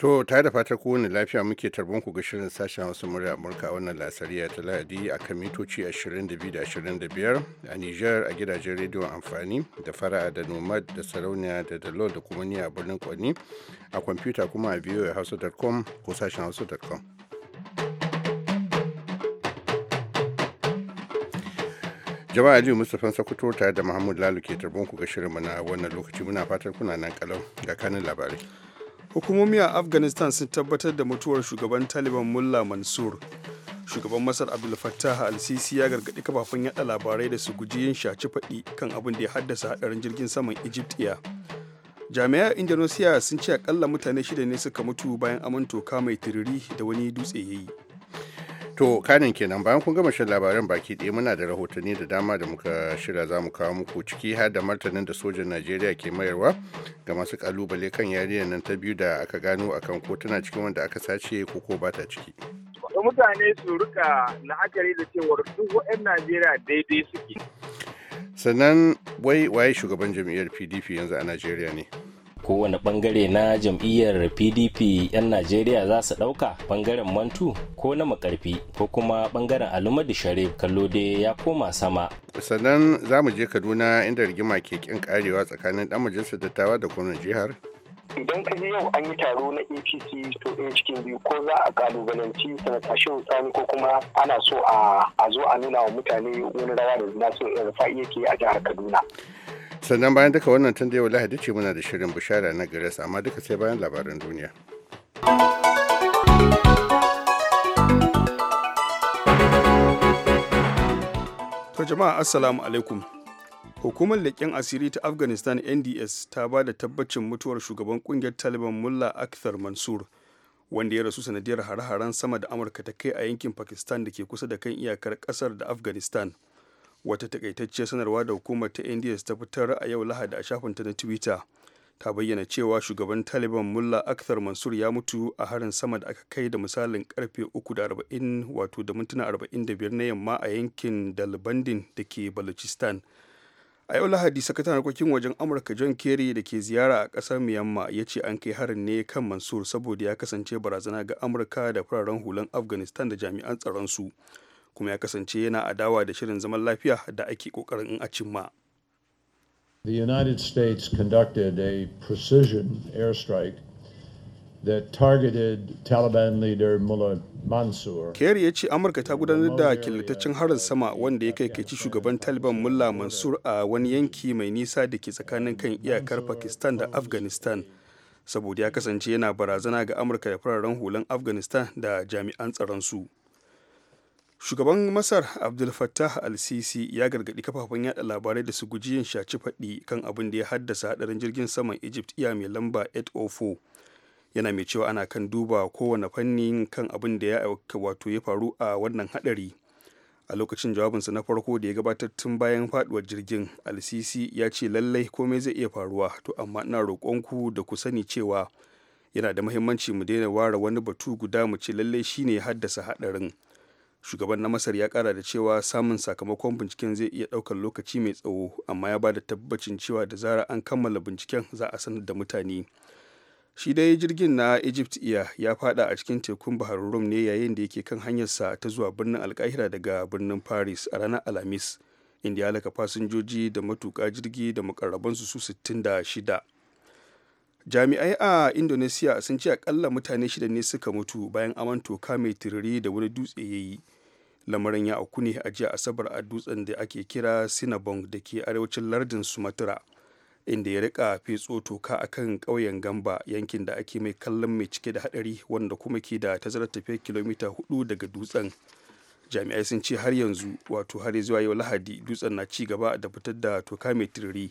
To ta da fatar kowane lafiya muke tarbon ku ga shirin sashen wasu murya Amurka a wannan lasariya ta Lahadi a kan mitoci 22 da 25 a Nijar a gidajen rediyon amfani da fara'a da nomad da sarauniya da dalo da kuma ni a birnin Kwani a kwamfuta kuma a hausa.com ko sashen hausa.com. Jama'a Aliyu Mustapha Sokoto tare da Muhammad Lalu ke tarbon ku ga shirin mana wannan lokaci muna fatar kuna nan kalau ga kanin labarai. hukumomi a afghanistan sun tabbatar da mutuwar shugaban taliban mullah mansur shugaban masar abdul fattah al-sisi ya gargaɗi kafafen yada labarai da su guji yin shaci faɗi kan abin da ya haddasa haɗarin jirgin saman egyptiya jami'a indonesia sun ce akalla mutane shida ne suka mutu bayan amintoka mai tiriri da wani dutse ya yi To kanin kenan bayan kun gama shan labaran baki ɗaya muna da rahotanni da dama da muka shirya za mu kawo muku ciki har da martanin da sojan Najeriya ke mayarwa ga masu kalubale kan yarinyar nan ta biyu da aka gano akan kotuna tana cikin wanda aka sace ko ko ba ta ciki. Mutane su rika la'akari da cewar duk wa'yan Najeriya daidai suke. Sannan wai waye shugaban jam'iyyar PDP yanzu a Najeriya ne? kowane bangare na jam'iyyar pdp 'yan najeriya za su ɗauka bangaren mantu ko na makarfi ko kuma bangaren alumadu sharif kallo dai ya koma sama sannan za mu je kaduna inda rigima ke kin karewa tsakanin dan majalisar dattawa da gwamnan jihar idan ka yau an yi taro na apc to in cikin biyu ko za a kalubalanci sanata shehu tsani ko kuma ana so a zo a nuna wa mutane wani rawa da yanzu fa'i yake a jihar kaduna sannan bayan duka wannan tun da yau lahadi ce muna da shirin bishara na gares amma duka sai bayan labaran duniya to jama'a assalamu alaikum hukumar leƙen asiri ta afghanistan nds ta ba da tabbacin mutuwar shugaban kungiyar taliban mullah akhtar mansur wanda ya rasu sanadiyar hare-haren sama da amurka ta kai a yankin pakistan da ke kusa da kan iyakar ƙasar da afghanistan wata takaitacciyar sanarwa da hukumar ta india ta fitar a yau lahadi a shafinta na twitter ta bayyana cewa shugaban taliban mulla akhtar mansur ya mutu a harin sama da aka kai da misalin karfe 3:40 wato da mintuna 45 na yamma a yankin dalbandin da ke balochistan a yau lahadi sakataren harkokin wajen amurka john kerry da ke ziyara a kasar myanmar ya ce an kai harin ne kan mansur saboda ya kasance barazana ga amurka da fararen hulan afghanistan da jami'an tsaron su kuma ya kasance yana adawa da shirin zaman lafiya da ake kokarin a cimma. The United States conducted a precision airstrike that targeted Taliban leader Mullah Mansour. Kerry ya ce Amurka ta gudanar da killataccen harin sama wanda ya kai kaici shugaban Taliban Mullah Mansur a wani yanki mai nisa da ke tsakanin kan iyakar Pakistan da Afghanistan. Saboda ya kasance yana barazana ga Amurka da fararen hulan Afghanistan da jami'an tsaron su. shugaban masar abdul fattah al-sisi ya gargaɗi kafafen yada labarai da su guji yin shaci faɗi kan abin da ya haddasa hadarin jirgin saman egypt iya mai lamba 804 yana mai cewa ana kan duba kowane fanni kan abin da ya wato ya faru a wannan hadari a lokacin jawabinsa na farko da ya gabatar tun bayan faduwar jirgin al-sisi ya ce lallai komai zai iya faruwa to amma ina roƙonku da ku sani cewa yana da muhimmanci mu daina ware wani batu guda mu ce lallai shine ya haddasa hadarin shugaban na masar ya kara da cewa samun sakamakon binciken zai iya daukar lokaci mai tsawo amma ya ba da tabbacin cewa da zara an kammala binciken za a sanar da mutane shi dai jirgin na egypt iya ya fada a cikin tekun bahar rum ne yayin da yake kan hanyarsa ta zuwa birnin alkahira daga birnin paris a ranar alhamis inda ya halaka fasinjoji da matuka jirgi da makarrabansu su 66 jami'ai a indonesiya sun ce akalla mutane shida ne suka mutu bayan aman toka mai tiriri da wani dutse ya yi lamarin ya auku ne a jiya asabar a dutsen da ake kira sinabong da ke arewacin lardin sumatra inda ya rika fetso toka a kan ƙauyen gamba yankin da ake mai kallon mai cike da hadari wanda kuma ke da tazarar tafiya kilomita hudu daga dutsen jami'ai sun ce har yanzu wato har zuwa yau lahadi dutsen na ci gaba da fitar da toka mai tiriri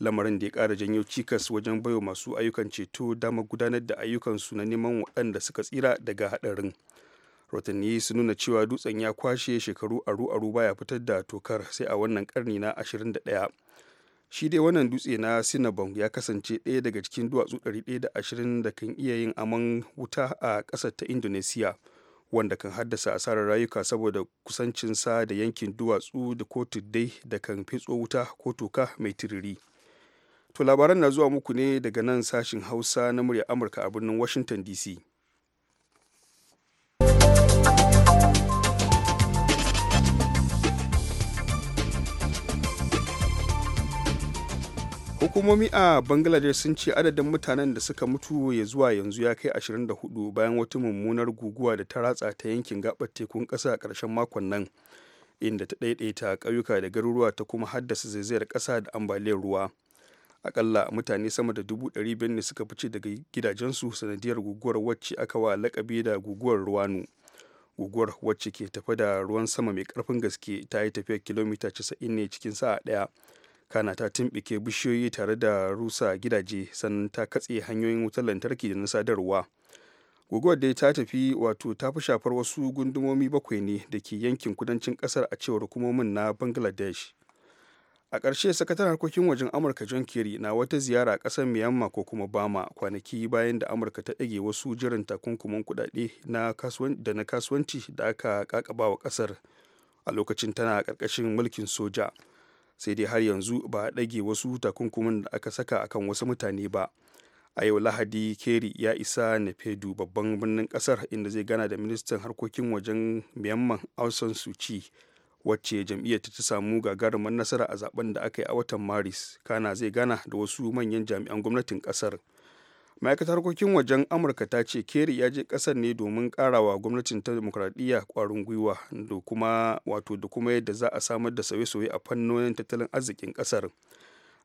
lamarin da ya kara janyo cikas wajen baiwa masu ayyukan ceto dama gudanar da ayyukansu na neman waɗanda suka tsira daga haɗarin rotanni su nuna cewa dutsen ya kwashe shekaru aru aru baya fitar da tokar sai a wannan karni na 21 shi dai wannan dutse na sinabon ya kasance ɗaya daga cikin duwatsu ɗari ɗaya da ashirin da kan iya yin aman wuta a ƙasar ta indonesiya wanda kan haddasa asarar rayuka saboda kusancinsa da yankin duwatsu da kotu dai da kan fitso wuta ko toka mai tiriri. To labaran na zuwa muku ne daga nan sashin Hausa na murya Amurka a birnin Washington DC. Hukumomi a Bangladesh sun ce adadin mutanen da suka mutu ya zuwa yanzu ya kai 24 bayan wata mummunar guguwa da ta ratsa ta yankin gabar tekun ƙasa a ƙarshen makon nan, inda ta ɗaiɗaita ƙauyuka da garuruwa ta kuma haddasa zaizayar ƙasa da ambaliyar ruwa. akalla mutane sama da dubu ɗari biyar ne suka fice daga gidajensu sanadiyar guguwar wacce aka wa lakabi da guguwar ruwanu guguwar wacce ke tafe da ruwan sama mai karfin gaske ta yi tafiya kilomita 90 ne cikin sa'a ɗaya kana ta tumɓike bishiyoyi tare da rusa gidaje sannan ta katse hanyoyin wutar lantarki da na sadarwa guguwar dai ta tafi wato ta fi shafar wasu gundumomi bakwai ne da ke yankin kudancin kasar a cewar hukumomin na bangladesh a ƙarshe sakataren harkokin wajen amurka john kerry na wata ziyara a ƙasar myanmar ko kuma bama kwanaki bayan da amurka ta ɗage wasu jiran takunkumin kuɗaɗe da na kasuwanci da aka ƙaƙaba wa ƙasar a lokacin tana ƙarƙashin mulkin soja sai dai har yanzu ba a ɗage wasu takunkumin da aka saka akan wasu mutane ba a yau lahadi kerry ya isa nefedu babban birnin ƙasar inda zai gana da ministan harkokin wajen myanmar ausan suci ci. wacce jam'iyyar ta samu gagarumar nasara a zaben da aka yi a watan maris kana zai gana da wasu manyan jami'an gwamnatin kasar ma'aikatar harkokin wajen amurka ta ce keri ya je kasar ne domin karawa gwamnatin ta demokradiyya kwarin gwiwa da kuma wato da kuma yadda za a samar da sauye-sauye a fannonin tattalin arzikin kasar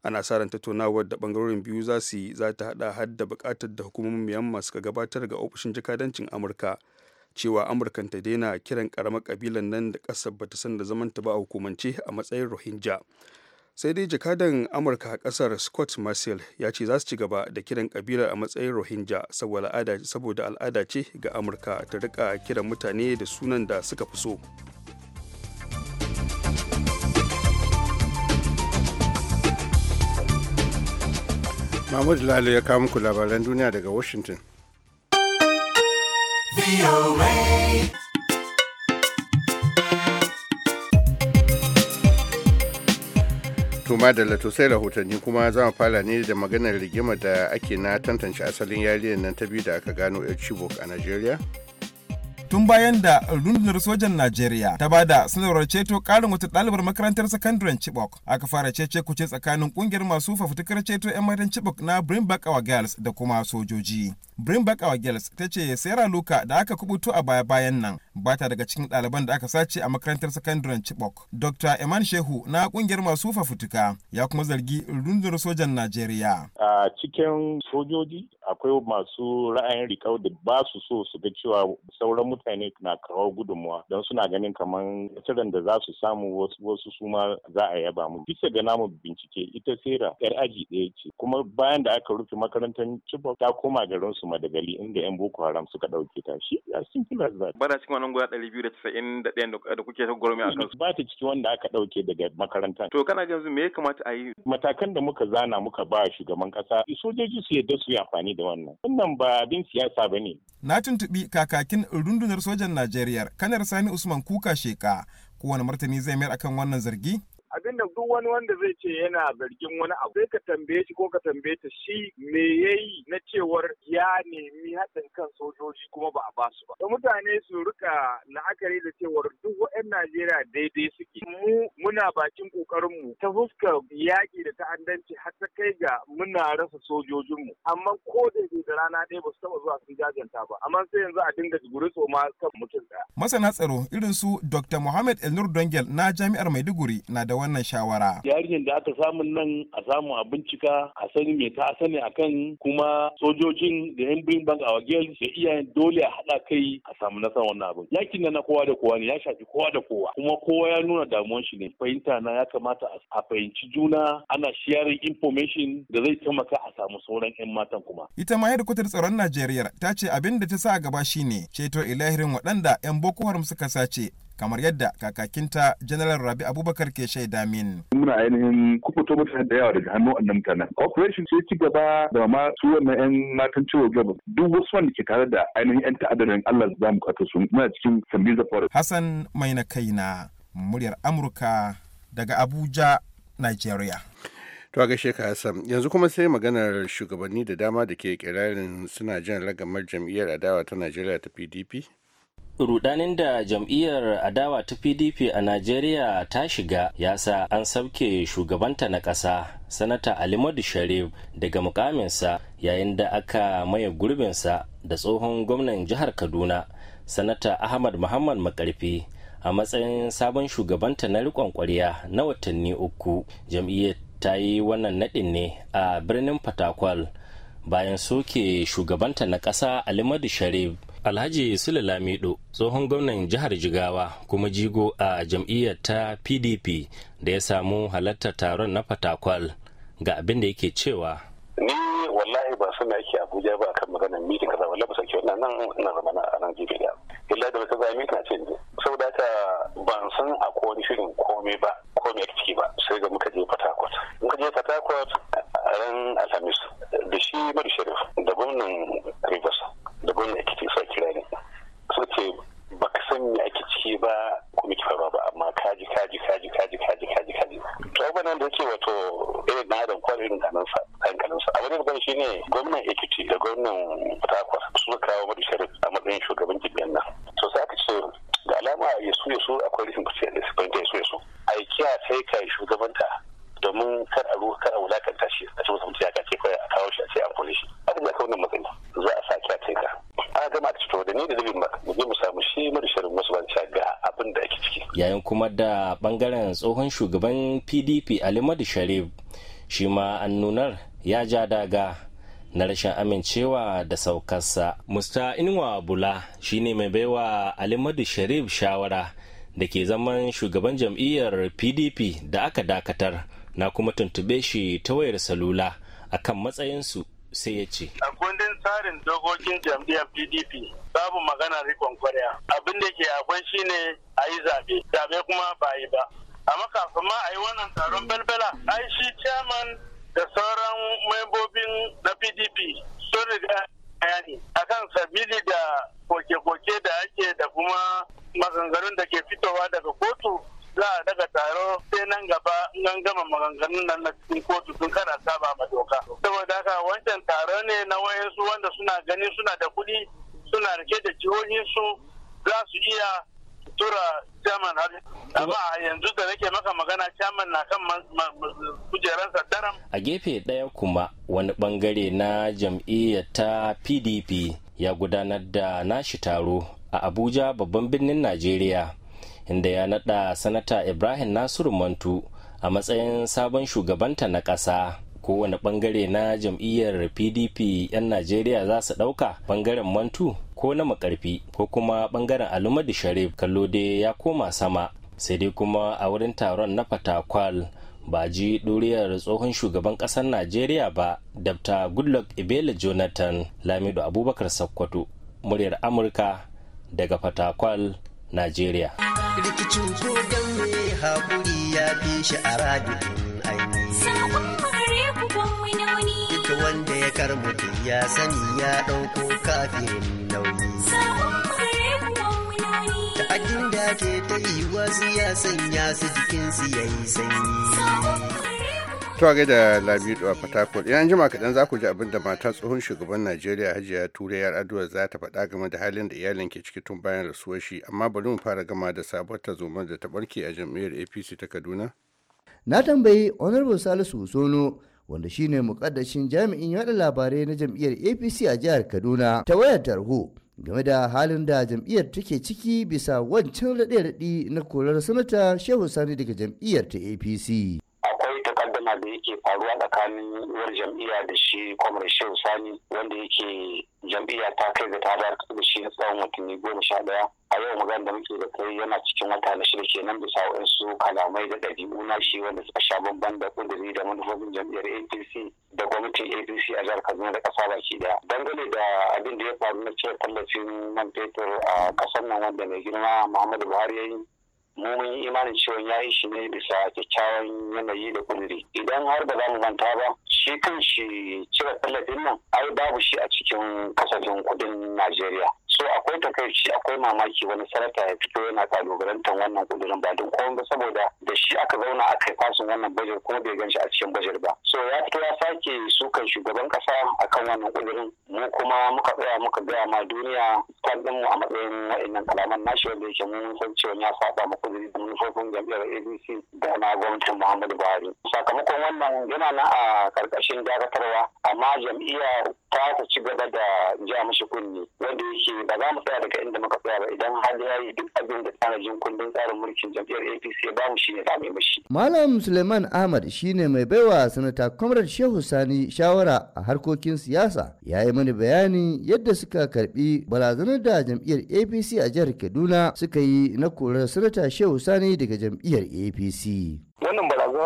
ana sa ran tattaunawar da bangarorin biyu za su yi za ta hada har bukatar da hukumomin myanmar suka gabatar ga ofishin jakadancin amurka cewa amurkan ta daina kiran karamar kabilan nan da ƙasar bata san da zaman ta ba a hukumance a matsayin rohingya sai dai jakadan amurka a kasar scott marcel ya ce za su ci gaba da kiran kabilar a matsayin rohingya saboda al'ada ce ga amurka ta rika kiran mutane da sunan da suka fi so mahmud lalo ya kawo muku labaran duniya daga washington kuma da lato sai rahotanni kuma za mu fara ne da maganar rigima da ake na tantance asalin yariyar nan ta biyu da aka gano 'yar chibok a nigeria tun bayan da rundunar sojan Najeriya ta bada sanarwar ceto karin wata ɗalibar makarantar sakandaren Chibok. Aka fara cece kuce tsakanin ƙungiyar masu fafutukar ceto 'yan matan Chibok na Bring Back Our Girls da kuma sojoji. Bring Back Our Girls ta ce Sarah Luka da aka kubuto a baya-bayan nan ba ta daga cikin ɗaliban da aka sace a makarantar sakandaren Chibok. Dr. Iman Shehu na ƙungiyar masu fafutuka ya kuma zargi rundunar sojan Najeriya. A cikin sojoji akwai masu ra'ayin rikau da ba su so su ga cewa sauran mutane na kawo gudunmuwa don suna ganin kamar nasarar da za su samu wasu suma su ma za a yaba mu bisa ga namu bincike ita sera yar aji ɗaya ce kuma bayan da aka rufe makarantar Chibok ta koma garin su Madagali inda yan Boko Haram suka ɗauke ta shi ya simple as Ba na cikin wannan guda ɗari biyu da casa'in da ɗayan da kuke ta gwarmi a kansu ba ta ciki wanda aka ɗauke daga makarantar to kana su, me ya kamata a yi matakan da muka zana muka ba shugaban kasa sojoji su yadda su yi amfani da da wannan wannan ba abin siyasa ba ne na tuntuɓi kakakin rundunar sojan najeriya kanar sani usman kuka sheka kowane martani zai mayar akan wannan zargi abinda duk wani wanda zai ce yana zargin wani abu sai ka tambaye shi ko ka tambaye ta shi me yayi na cewar ya nemi haɗin kan sojoji kuma ba a ba su ba da mutane su rika la'akari da cewar duk wa'yan najeriya daidai suke mu muna bakin kokarin mu ta fuskar yaƙi da ta'addanci har ta kai ga muna rasa sojojinmu amma ko da da rana ɗaya ba su taɓa zuwa sun jajanta ba amma sai yanzu a dinga guri tsoma kan mutum ɗaya. masana tsaro irin su dr muhammad elnur dangel na jami'ar maiduguri na da wannan shawara. Yarinyar da aka samun nan a samu a bincika a sani mai ta sani akan kuma sojojin da yan bring bank a da iyayen dole a haɗa kai a samu nasarar wannan abin. Yakin na kowa da kowa ne ya shafi kowa da kowa kuma kowa ya nuna damuwan shi ne. Fahimta na ya kamata a fahimci juna ana sharing information da zai taimaka a samu sauran 'yan matan kuma. Ita ma hedkwatar tsaron Najeriya ta ce abin da ta sa gaba shine ceto ilahirin waɗanda 'yan Boko Haram suka sace kamar yadda kakakinta General Rabi Abubakar ke shaida min. Muna ainihin kubuto mutane da yawa daga hannun wannan mutanen. Operation sai ci gaba da ma su wannan 'yan matan ciwo gaba. Duk wasu wanda ke tare da ainihin 'yan ta'addarin Allah za mu kwato su muna cikin Sambiza Forest. Hassan mai na kai na muryar Amurka daga Abuja, Nigeria. To a gaishe ka Hassan, yanzu kuma sai maganar shugabanni da dama da ke kirarin suna jan ragamar jam'iyyar adawa ta Najeriya ta PDP rudanin da jam'iyyar adawa ta pdp a najeriya ta shiga ya sa an sauke shugabanta na ƙasa sanata alimadu sharif daga mukaminsa yayin da aka maye gurbinsa da tsohon gwamnan jihar kaduna sanata ahmad muhammad makarfi a matsayin sabon shugabanta na riƙon ƙwarya na watanni uku jam'iyyar ta yi wannan naɗin ne a birnin fatakwal bayan soke shugabanta na ƙasa alimadu sharif Alhaji Sule Lamido tsohon gwamnan jihar Jigawa kuma jigo a jam'iyyar ta PDP da ya samu halartar taron na Fatakwal ga abin da yake cewa. Ni wallahi ba suna yake Abuja ba kan maganar mitin kaza wallahi ba sake wannan nan ina zama na nan jibi da. Illa da wata zami na ce ne. Saboda ban san a wani shirin komai ba komai a ciki ba sai ga muka je Fatakwal. Muka je Fatakwal a ran Alhamis da shi Madu Sharif da gwamnan Rivers da gwamnati ake ce su kira ne su ce ba ka san me ake ciki ba ko miki faruwa ba amma kaji kaji kaji kaji kaji kaji kaji to abin nan da yake wato irin eh, na da kwarin da nan sa hankalin sa abin da shi ne gwamnan Ekiti da gwamnan Takwas su kawo madu sharif a matsayin shugaban jibiyar nan to sai aka ce da alama ya su ya su akwai rufin kusa da su fahimta ya su ya su a kiya sai ka shugabanta kuma da bangaren tsohon shugaban pdp alimadu sharif shi ma an nunar ya ja daga na rashin amincewa da saukarsa musta inuwa bula shine mai baiwa alimadu sharif shawara da ke zaman shugaban jam'iyyar pdp da aka dakatar na kuma tuntube shi ta wayar salula akan matsayinsu sai ya ce a kundin tsarin dokokin jam'iyyar pdp babu magana rikon kwarya abin da ke akwai shine a yi zaɓe zaɓe kuma ba yi ba amma kafin ma a yi wannan taron belbela ai shi chairman da sauran membobin na pdp sun riga bayani kan sabili da koke-koke da ake da kuma maganganun da ke fitowa daga kotu za a daga taro sai nan gaba nan gama maganganun nan na cikin kotu sun kara saba ma doka saboda haka wancan taro ne na wayansu wanda suna gani suna da kuɗi suna rike da jihohinsu za su iya tura chairman har amma a yanzu da nake maka magana chairman na kan kujeransa daram a gefe ɗaya kuma wani bangare na jam'iyyar ta pdp ya gudanar da nashi taro a abuja babban birnin najeriya inda ya naɗa sanata ibrahim nasiru mantu a matsayin sabon shugabanta na ƙasa kowane bangare na jam'iyyar pdp 'yan najeriya za su ɗauka bangaren mantu ko na makarfi ko kuma bangaren al'umadi sharif kallo dai ya koma sama sai dai kuma a wurin taron na fatakwal ba ji ɗuriyar tsohon shugaban ƙasar najeriya ba dabta goodluck ibele jonathan lamido abubakar sakkwato muryar amurka daga fatakwal najeriya rikicin ya shi a radio kar mutum ya sani ya ɗauko kafirin nauyi. Ta'adin da ke ta yi wasu ya sanya su jikinsu ya yi sanyi. Tuwa gaida Lamido a Fatakwal, yan jima kaɗan za ku ji abin da matar tsohon shugaban Najeriya Hajiya Turai yar Aduwa za ta faɗa game da halin da iyalin ke ciki tun bayan rasuwar shi, amma bari mu fara gama da sabuwar zoma da ta ɓarke a jam'iyyar APC ta Kaduna. Na tambayi Honorable Salisu Sono wanda shine mukaddashin jami'in yada labarai na jam'iyyar apc a jihar kaduna ta wayar tarho game da halin da jam'iyyar take ciki bisa wancan raɗe-raɗi na korar sanata shehu sani daga jam'iyyar ta apc magana da yake faruwa tsakanin uwar jam'iyya da shi kwamar shehu sani wanda yake jam'iyya ta kai ga ta da shi na tsawon watanni goma sha daya a yau magana da muke da kai yana cikin wata na shida kenan bisa waɗansu kalamai da ɗabi'u na shi wanda suka sha babban da kudiri da manufofin jam'iyyar apc da gwamnatin apc a jihar kaduna da ƙasa baki daya dangane da abin da ya faru na cire tallafin man fetur a ƙasar nan wanda mai girma muhammadu buhari ya yi mu mun yi imanin cewa ya yi shi ne bisa kyakkyawan yanayi da kudiri idan har ba za mu manta ba shi kan shi cire tallafin nan ai babu shi a cikin kasafin kudin najeriya so akwai takaici akwai mamaki wani sarata ya fito yana kalubalantar wannan kudurin ba don komai ba saboda da shi aka zauna aka yi fasin wannan bajar kuma bai ganshi a cikin bajar ba so ya fito ya sake sukan shugaban kasa akan wannan kudurin mu kuma muka tsaya muka gaya ma duniya standin mu a matsayin wa'annan kalaman nashi wanda yake mun san cewa ya saba mu kudiri da manufofin jami'ar abc da na gwamnatin muhammadu buhari sakamakon wannan yana na a karkashin dakatarwa amma jam'iyya ta ta ci gaba da ja mashi kunni wanda yake ba za mu tsaya daga inda muka tsaya ba idan har ya yi duk abin da tanajin kundin tsarin mulkin jam'iyyar APC ya bamu shi ne zame mashi Malam Suleiman Ahmad shine mai baiwa sanata Comrade Shehu Sani shawara a harkokin siyasa ya yi mani bayani yadda suka karbi barazanar da jam'iyyar APC a jihar Kaduna suka yi na korar sanata Shehu Sani daga jam'iyyar APC.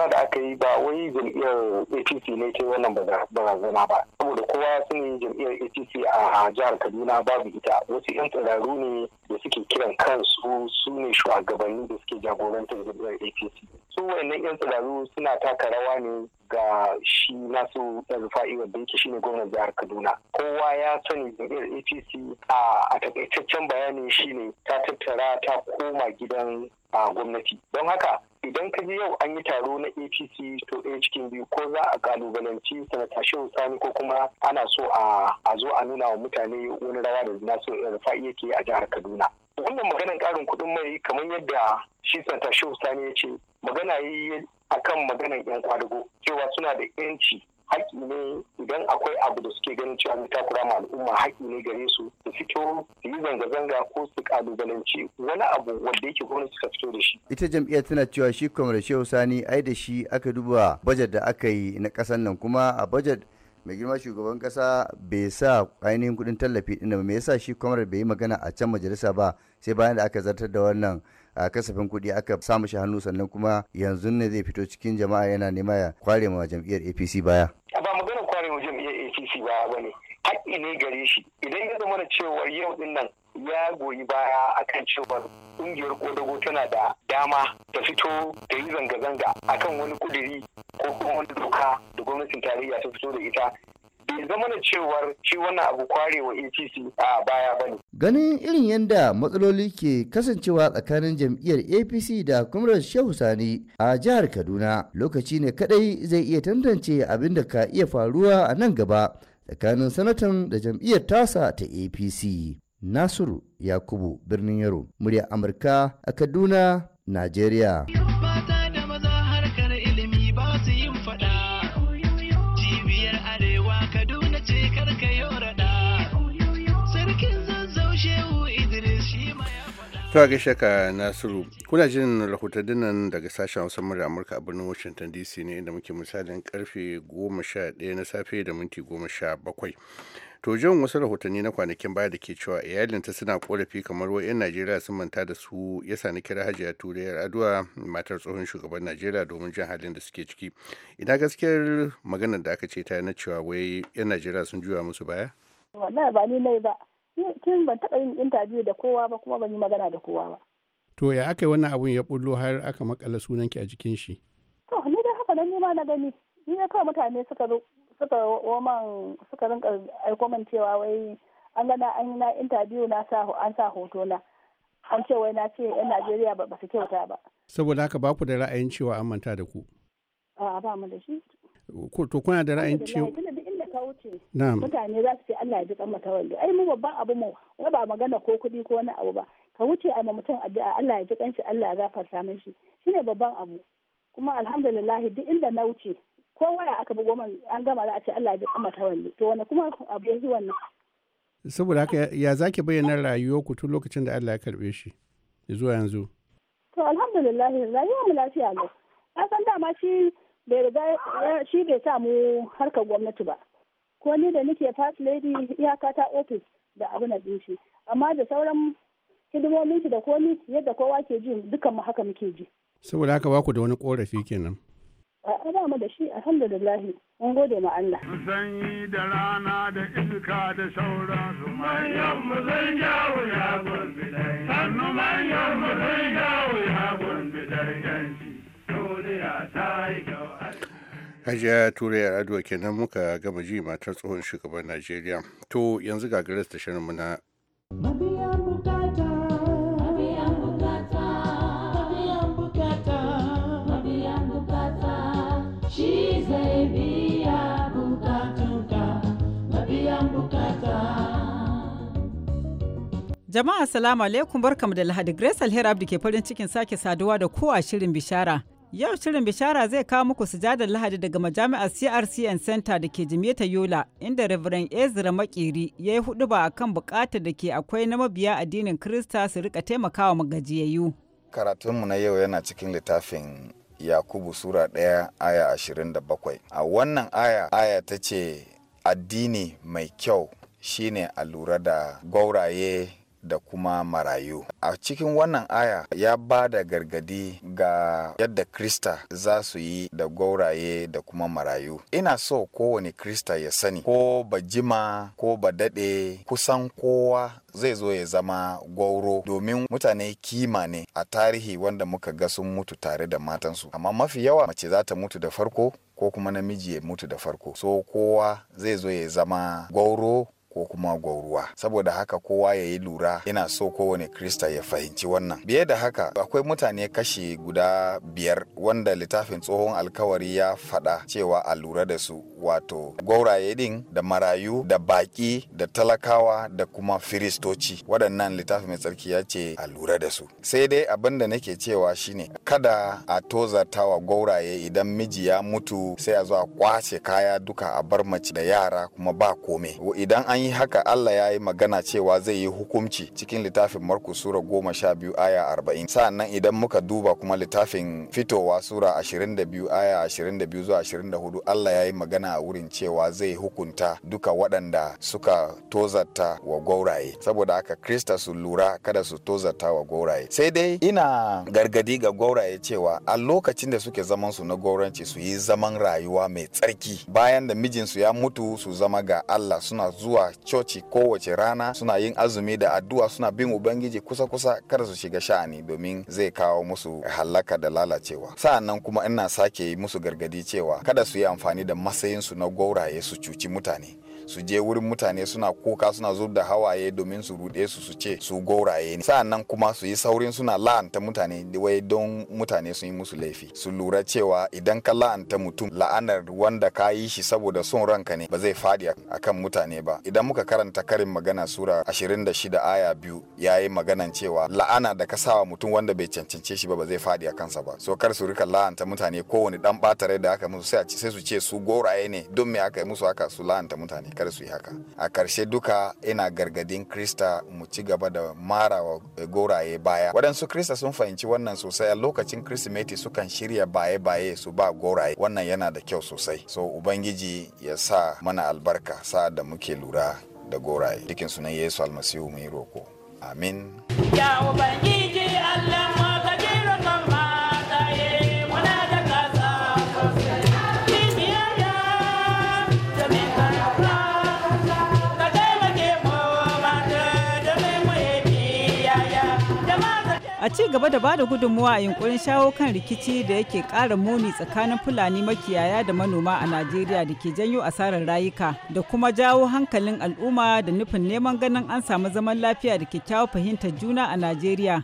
barazana da aka yi ba wai jam'iyyar apc ne ke wannan barazana ba saboda kowa sun yi jam'iyyar apc a jihar kaduna babu ita wasu 'yan tsiraru ne da suke kiran kansu su ne shugabanni da suke jagorantar jam'iyyar apc su wayannan 'yan tsiraru suna taka rawa ne ga shi nasu da rufa'i wanda yake shine gwamnan jihar kaduna kowa ya sani jam'iyyar apc a takaitaccen bayani shine ta tattara ta koma gidan a gwamnati don haka idan ka ji yau an yi taro na apc to ɗaya cikin biyu ko za a kalubalanci sanata shehu sani ko kuma ana so a zo a nuna wa mutane wani rawa da rufa iya yake a jihar kaduna wannan maganar ƙarin kuɗin mai kamar yadda shi sanata shehu sani ya ce magana yi akan maganar yan kwadago cewa suna da yanci haƙƙi ne idan akwai abu da suke ganin cewa ta takura ma al'umma haƙƙi ne gare su su fito su yi zanga-zanga ko su kalubalanci wani abu wanda yake gwamnati suka fito da shi. ita jam'iyyar tana cewa shi kwamar shehu sani ai da shi aka duba bajet da aka yi na ƙasar nan kuma a bajet mai girma shugaban kasa bai sa ainihin kudin tallafi din mai yasa shi kwamar bai yi magana a can majalisa ba sai bayan da aka zartar da wannan a kasafin kudi aka sa mashi hannu sannan kuma yanzu ne zai fito cikin jama'a yana nema ya kware ma jam'iyyar APC baya ba magana kware ma jam'iyyar APC baya ne. haƙƙi ne gare shi idan ya zama da cewa yau din nan ya goyi baya akan cewar ƙungiyar ƙodago tana da dama ta fito da yi zanga-zanga akan wani kuduri ko kuma wani doka da gwamnatin tarayya ta fito da ita bai zama da cewar shi wannan abu kwarewa APC a baya ba ne. Ganin irin yadda matsaloli ke kasancewa tsakanin jam'iyyar APC da Kwamrar Shehu Sani a jihar Kaduna lokaci ne kadai zai iya tantance abin da ka iya faruwa a nan gaba. tsakanin sanatan da jam'iyyar tasa ta apc nasiru yakubu birnin yaro murya amurka a kaduna najeriya to a gaishe nasiru kuna jin rahotannin nan daga sashen hausa murya amurka a birnin washington dc ne inda muke misalin karfe 11 na safe da minti 17 to jin wasu rahotanni na kwanakin baya da ke cewa iyalinta suna korafi kamar wa 'yan najeriya sun manta da su ya sani kira hajiya turiyar adua matar tsohon shugaban najeriya domin jin halin da suke ciki ina gaskiyar maganar da aka ce ta na cewa wai 'yan najeriya sun juya musu baya Wannan ba ni ba tun ban taɓa yin interview da kowa ba kuma ban yi magana da kowa ba. To ya aka yi wannan abun ya bullo har aka makala ki a jikin shi? To ni dai haka nan ma na gani ni ne kawai mutane suka zo suka woman suka rinka aiko man cewa wai an gana an yi na interview na sa an sa hoto na an ce wai na ce yan Najeriya ba ba su kyauta ba. Saboda haka ba ku da ra'ayin cewa an manta da ku. A'a ba mu da shi. To kuna da ra'ayin cewa ta wuce mutane za su ce Allah ya ji kan matawalle ai mu babban abu mu ba magana ko kuɗi ko wani abu ba ka wuce a mutum addu'a Allah ya ji kanshi Allah ya gafarta mishi shine babban abu kuma alhamdulillah duk inda na wuce ko waya aka bugo man an gama za a ce Allah ya ji kan matawalle to wani kuma abu ya wannan saboda haka ya zaki bayyana rayuwar ku tun lokacin da Allah ya karbe shi zuwa yanzu to alhamdulillah rayuwar mu lafiya ne san dama shi bai riga shi bai samu harkar gwamnati ba ko ni da nake first lady iyaka ta office da abu na shi amma da sauran hidimomin shi da komi yadda kowa ke ji dukan mu haka muke ji saboda haka ba ku da wani korafi kenan a ba mu da shi alhamdulillah mun gode ma Allah sanyi da rana da iska da sauran su manyan mu zan jawo ya gurbi dai sannu manyan mu zan jawo ya gurbi dai yanci duniya ta yi Hajiya Turai Adwa kenan muka gama ji matar tsohon shugaban Najeriya. To yanzu ga gares da shirin muna. Jama'a salamu alaikum barkamu da Lahadi Grace Alheri Abdi ke farin cikin sake saduwa da kowa shirin bishara. Yau shirin bishara zai kawo muku sujadar Lahadi daga majami'ar CRCN Center da ke Jimeta Yola inda Reverend Ezra Makiri ya yi huduba a kan bukatar da ke akwai na mabiya addinin kirista su rika taimakawa magajiyayyu. Karatunmu na yau yana cikin littafin Yakubu Sura 1 aya bakwai A wannan aya aya ta ce addini mai kyau shine a lura da gwauraye da kuma marayu. A cikin wannan aya ya ba da gargadi ga yadda Krista za su yi da gauraye da kuma marayu. Ina so kowane Krista ya sani ko ba jima ko ba daɗe kusan kowa zai zo ya zama gauro domin mutane kima ne a tarihi wanda muka ga sun mutu tare da matansu. Amma mafi yawa mace za ta mutu da farko ko kuma namiji ya mutu da farko so kowa zai zo ya zama gauro ko kuma gwauruwa saboda haka kowa ya yi lura ina so kowane krista ya fahimci wannan biye da haka akwai mutane kashi guda biyar wanda littafin tsohon alkawari ya faɗa cewa a lura da su wato gwauraye din da marayu da baƙi da talakawa da kuma firistoci waɗannan littafin mai tsarki ya ce a lura da su sai dai abin da nake cewa shine kada a tozartawa gwauraye idan miji ya mutu sai a zo a kwace kaya duka a bar mace da yara kuma ba kome idan an haka Allah ya yi magana cewa zai yi hukunci cikin littafin Marku Sura goma sha biyu aya arba'in. Sa'annan idan muka duba kuma littafin fitowa Sura ashirin da biyu aya ashirin da biyu zuwa ashirin da hudu Allah ya yi magana a wurin cewa zai hukunta duka waɗanda suka tozata wa gauraye. Saboda haka Krista su lura kada su tozata wa gauraye. Sai dai ina gargadi ga gauraye cewa a lokacin da suke zaman su na gauranci su yi zaman rayuwa mai tsarki bayan da mijinsu ya mutu su zama ga Allah suna zuwa coci kowace rana suna yin azumi da addu'a suna bin ubangiji kusa-kusa kar su shiga sha'ani domin zai kawo musu halaka da lalacewa sa'annan kuma ina sake musu gargadi cewa kada su yi amfani da matsayinsu na gauraye su cuci mutane su je wurin mutane suna kuka, suna zub da hawaye domin su ruɗe su su ce su goraye ne nan kuma su yi saurin suna la'anta mutane wai don mutane sun yi musu laifi su lura cewa idan ka la'anta mutum la'anar wanda ka yi shi saboda son ranka ne ba zai fadi akan mutane ba idan muka karanta karin magana sura 26 aya biyu ya yi maganan cewa la'ana da ka sawa mutum wanda bai cancance shi ba ba zai fadi kansa ba so kar su rika la'anta mutane kowane dan batare da aka musu sai su ce su goraye ne don me aka yi musu haka su la'anta mutane kar su yi haka a karshe duka ina gargadin krista mu ci gaba da marawa goraye baya waɗansu krista sun fahimci wannan sosai a lokacin kirsimeti sukan shirya baye-baye su ba goraye wannan yana da kyau sosai so ubangiji ya sa mana albarka sa da muke lura da goraye dukin sunan yesu almasihu mai roko amin ya ubangiji allah a ci gaba da bada gudunmuwa a yunkurin shawo kan rikici da yake ƙara muni tsakanin fulani makiyaya da manoma a najeriya da ke janyo asarar rayuka da kuma jawo hankalin al'umma da nufin neman ganin an samu zaman lafiya da kyakkyawar fahimtar juna a najeriya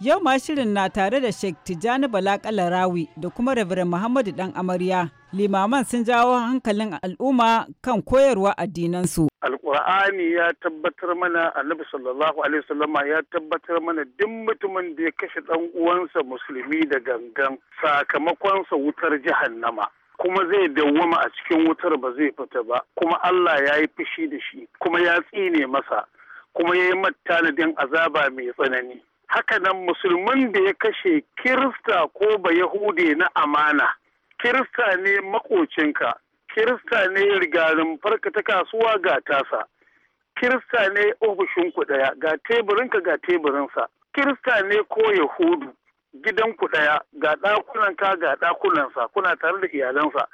yau ma shirin na tare da sheikh tijjani bala kalarawi da kuma rabirin muhammadu dan amarya limaman sun jawo hankalin al'umma kan koyarwa addinansu alkur'ani ya tabbatar mana annabi sallallahu alaihi wasallama ya tabbatar mana duk mutumin da ya kashe dan uwansa musulmi da gangan sakamakonsa wutar jahannama kuma zai dawwama a cikin wutar ba zai fita ba kuma Allah ya yi fushi da shi kuma ya tsine masa kuma ya yi tanadin azaba mai tsanani hakanan musulmin da ya kashe kirista ko ba yahude na amana kirista ne makocinka kirista ne rigarin farka ta kasuwa ga tasa kirista ne ofishin ku ɗaya ga teburinka ga teburinsa kirista ne ko yahudu gidan ku ɗaya ga ɗakunanka ga ɗakunansa kuna tare da iyalansa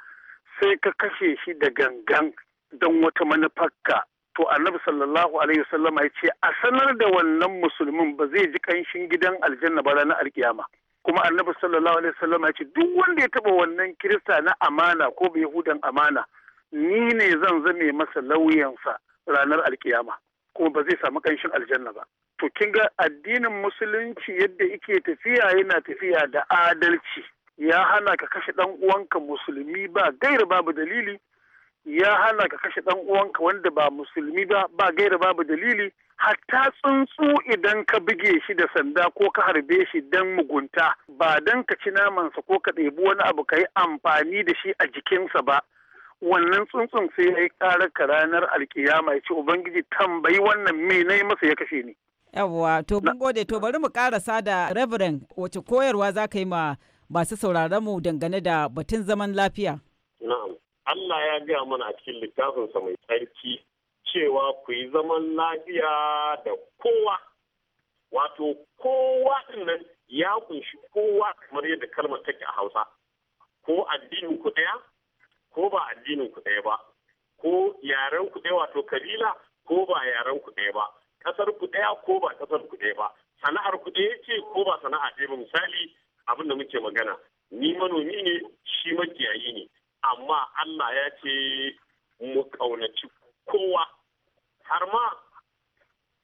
sai ka kashe shi da gangan don wata manufarka to annabi sallallahu alaihi ya ce a sanar da wannan musulmin ba zai ji kanshin gidan aljanna ba ranar alkiyama kuma annabi sallallahu alaihi wasallam ya ce duk wanda ya taba wannan kirista na amana ko bai hudan amana ni ne zan zame masa lauyansa ranar alkiyama kuma ba zai samu kanshin aljanna ba to kin ga addinin musulunci yadda yake tafiya yana tafiya da adalci ya hana ka kashe dan uwanka musulmi ba gaira babu dalili ya hana ka kashe dan uwanka wanda ba musulmi ba ba gaira babu dalili hatta tsuntsu idan ka buge shi da sanda ko ka harbe shi dan mugunta ba dan ka ci namansa ko ka ɗebi wani abu ka yi amfani da shi a jikinsa ba wannan tsuntsun sai ya yi karar ka ranar alkiyama ya ce ubangiji tambayi wannan me na yi masa ya kashe ni yawwa to mun gode to bari mu karasa da reverend wace koyarwa za ka yi ma masu sauraron mu dangane da batun zaman lafiya Allah ya gaya mana a cikin littafinsa mai tsarki cewa ku yi zaman lafiya da kowa. Wato kowa nan ya kunshi kowa kamar yadda kalmar take a Hausa. Ko addinin ku ɗaya, ko ba addinin ku ɗaya ba. Ko yaren ku ɗaya wato kabila, ko ba yaren ku ɗaya ba. Ƙasar ku ɗaya ko ba ƙasar ku ɗaya ba. Sana'ar ku ɗaya ce ko ba sana'a ɗaya ba misali abin da muke magana. Ni manomi ne, shi makiyayi ne. amma Allah ya ce mu ƙaunaci kowa har ma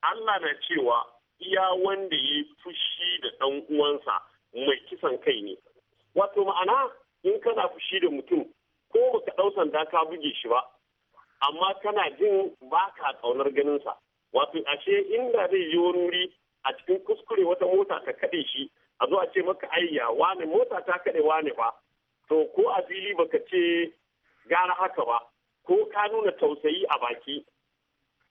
Allah na cewa iya wanda ya fushi da ɗan uwansa mai kisan kai ne wato ma'ana in kana fushi da mutum ko baka ɗau sanda ka buge shi ba amma kana jin baka ka ƙaunar ganinsa wato ashe inda zai yi wuri a cikin kuskure wata mota ta kaɗe shi a zo a ce maka ayya wane mota ta kaɗe wane ba to ko a fili baka ce gara haka ba ko ka nuna tausayi a baki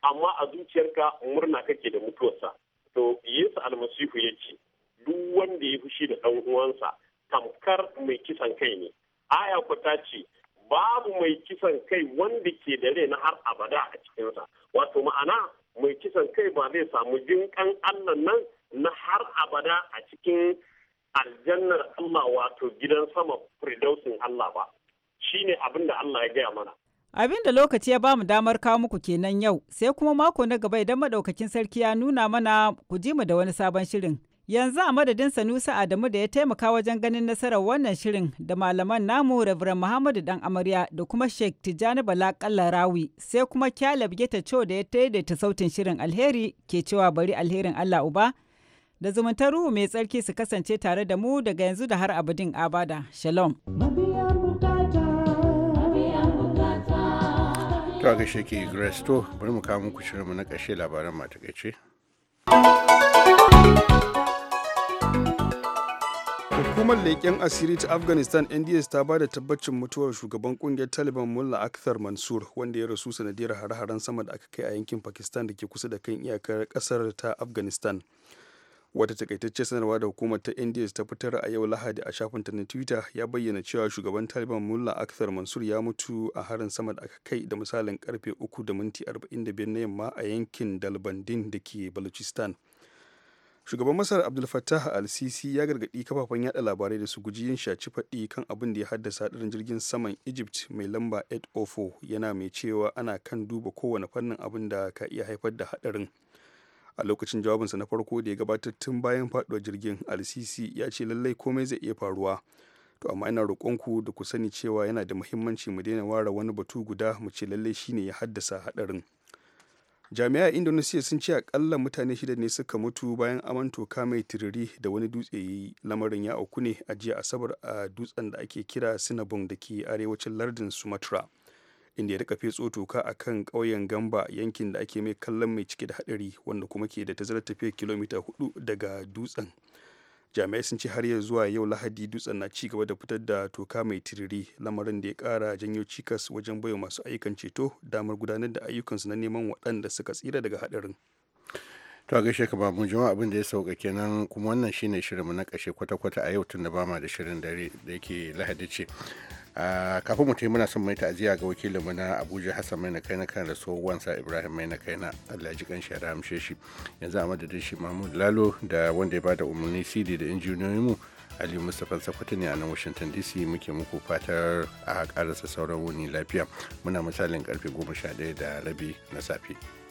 amma a zuciyarka murna kake da mutuwarsa to yesu almasihu ya ce duk wanda ya fushi da ɗan uwansa tamkar mai kisan kai ne aya ta ce babu mai kisan kai wanda ke da rai na har abada a cikinsa wato ma'ana mai kisan kai ba zai samu jinkan allah nan na har abada a cikin aljannar Allah wato gidan sama firdausin Allah ba shine abin da Allah ya gaya mana Abin da lokaci ya bamu damar kawo muku kenan yau sai kuma mako na gaba idan madaukakin sarki ya nuna mana ku ji mu da wani sabon shirin yanzu a madadin Sanusi Adamu da ya taimaka wajen ganin nasarar wannan shirin da malaman namu Reverend Muhammadu Dan Amarya da kuma Sheikh Tijjani Bala Rawi sai kuma Kyalab Geta Cho da ya taidaita sautin shirin alheri ke cewa bari alherin Allah Uba da zumuntar ruhu mai tsarki su kasance tare da mu daga yanzu da har abadin abada shalom to ga shake grace to bari mu kawo muku shirinmu na ƙarshe labaran matakaice hukumar leƙen asiri ta afghanistan nds ta ba da tabbacin mutuwar shugaban kungiyar taliban mullah akhtar mansur wanda ya rasu sanadiyar hare-haren sama da aka kai a yankin pakistan da ke kusa da kan iyakar kasar ta afghanistan wata takaitacce sanarwa da hukumar ta indiya ta fitar a yau lahadi a shafinta na twitter ya bayyana cewa shugaban taliban mullah akhtar mansur ya mutu a harin sama da aka kai da misalin karfe 3 da minti 45 na yamma a yankin dalbandin da ke balochistan shugaban masar abdul fattah al-sisi ya gargadi kafafen yada labarai da su guji yin shaci faɗi kan abin da ya haddasa hadarin jirgin saman egypt mai lamba 804 yana mai cewa ana kan duba kowane fannin abin da ka iya haifar da hadarin a lokacin jawabinsa na farko da ya gabatar tun bayan faduwar jirgin al-sisi ya ce lallai komai zai iya faruwa to amma ina roƙonku da ku sani cewa yana da muhimmanci mu daina ware wani batu guda mu ce lallai shine ya haddasa hadarin jami'a indonesiya sun ce akalla mutane shida ne suka mutu bayan aman toka mai tiriri da wani dutse yi lamarin ya auku ne a jiya asabar a dutsen da ake kira sinabung da ke arewacin lardin sumatra inda ya rika fetso toka a kan ƙauyen gamba yankin da ake mai kallon mai cike da haɗari wanda kuma ke da tazarar tafiya kilomita hudu daga dutsen jami'ai sun ce har ya zuwa yau lahadi dutsen na cigaba da fitar da toka mai tiriri lamarin da ya kara janyo cikas wajen baiwa masu ayyukan ceto damar gudanar da ayyukansu na neman waɗanda suka tsira daga haɗarin to a gaishe ka babu jama'a abin da ya sauka kenan kuma wannan shine shirinmu na kashe kwata-kwata a yau tun da bama da shirin dare da yake lahadi ce kafin mu muna son mai ta'aziyya ga wakilin mu na Abuja Hassan Mai na kai na kan da wansa Ibrahim Mai na kai na Allah ji kan shara amshe shi yanzu a madadin shi Mahmud Lalo da wanda ya bada umarni CD da injiniyoyin mu Ali Mustapha Sakwato ne a nan Washington DC muke muku fatar a karasa sauran wuni lafiya muna misalin karfe goma sha 11 da rabi na safe.